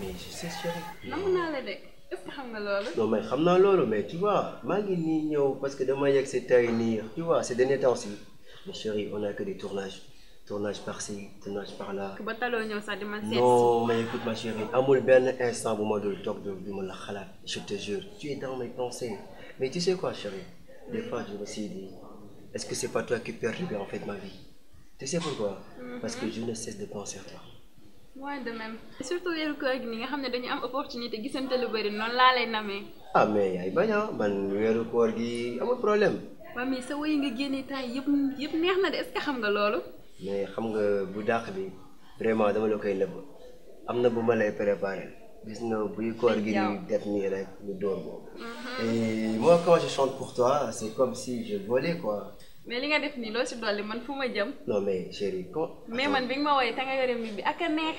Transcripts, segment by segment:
mais je sais chérie. non mais mais tu vois maa ngi nii parce que demain c'était si tu vois ces derniers temps aussi. mais chérie on a que des tournages. Tournages par-ci tournage par-là. non mais écoute ma chérie amul instant bu ma le de ma la je te jure. tu es dans mes pensées mais tu sais quoi chérie des fois je me suis dit est-ce que c'est pas toi qui perturbe en fait ma vie tu sais pourquoi. Mm-hmm. parce que je ne cesse de penser à toi mooy de même surtout weeru koor gi ni nga xam ne dañu am opportunité gisante lu bëri noonu laa lay namee. ah mais yaay bañ man weeru koor gi amul problème. waa mais sa woy nga génnee temps yëpp yëpp neex na de est-ce que xam nga loolu. mais xam nga bu dàq bi vraiment dama la koy nëbb am na bu ma lay préparé gis nga buy koor gi di def nii rek ñu dóor boobu. Mhm. et moi quand je chante pour toi c'est comme si je volais quoi. mais li nga def nii loo si dolli man fu ma jëm. non mais chérie ko. mais man bi nga ma woowee te yore mbir bi ak a neex.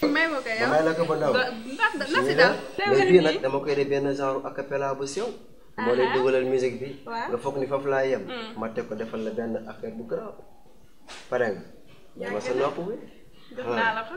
waxal daal. nag dama koy def benn genre a cappella bu sew. moo lay dugalal musique bi. waaw nga foog ni foofu laa yem. Hmm. ma ko defal la benn affaire bu garaaw. pare nga. yaa ngi gën a def naa la ko.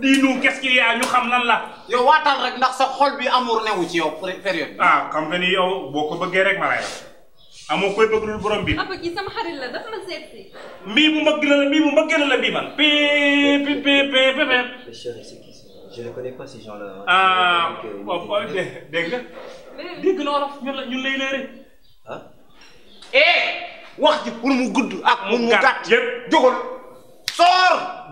diinu qu'est-ce qu'il a ñu xam lan la. yow waatal rek ndax sa xol bi amour newu ci yow période ah boo ko bëggee rek ma lay def koy bëgg lu borom bi. papa ji sama xarit la a la mii bu ma gën a la bii man. pii pii pii pii. chéri c'est qui je ne connais pas ces gens-là. ah waaw oh, oh, dégg nga. dégg eh, wax ji pour mu gudd. ak mu gàtt yëpp jógal soor.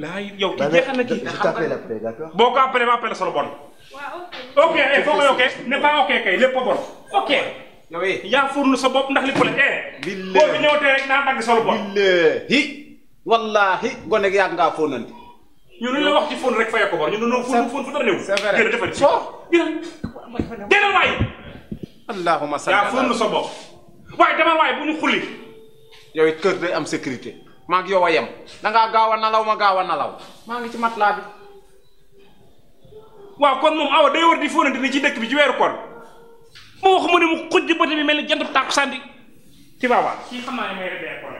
laay yow ki jeexal na kii boo a appelé ma appelé solo bon. ok foo koy ok lépp bon ok. yaa furlu sa bopp ndax li ko la eh. billaahi boo fi rek naa dagg solo bon. billaahi wallaahi gone gi yàgg ngaa fóonante. ñu ne la wax ci fóon rek fayoo ko bon ñu ne non fóon fóon fu dara a defal soo a a waay. allahumma salli yaa furlu sa waaye dama waay bu ñu xulli. yow it kër day am sécurité. maa ngi yow a yem dangaa gaaw a nalaw ma gaaw a nalaw maa ngi ci matelas bi waaw kon moom awa day war di fóonante ni ci dëkk bi ci weeru koor mu wax mu ne mu xujj bët bi mel ni jant tàkku sànni ci baawaan kii xam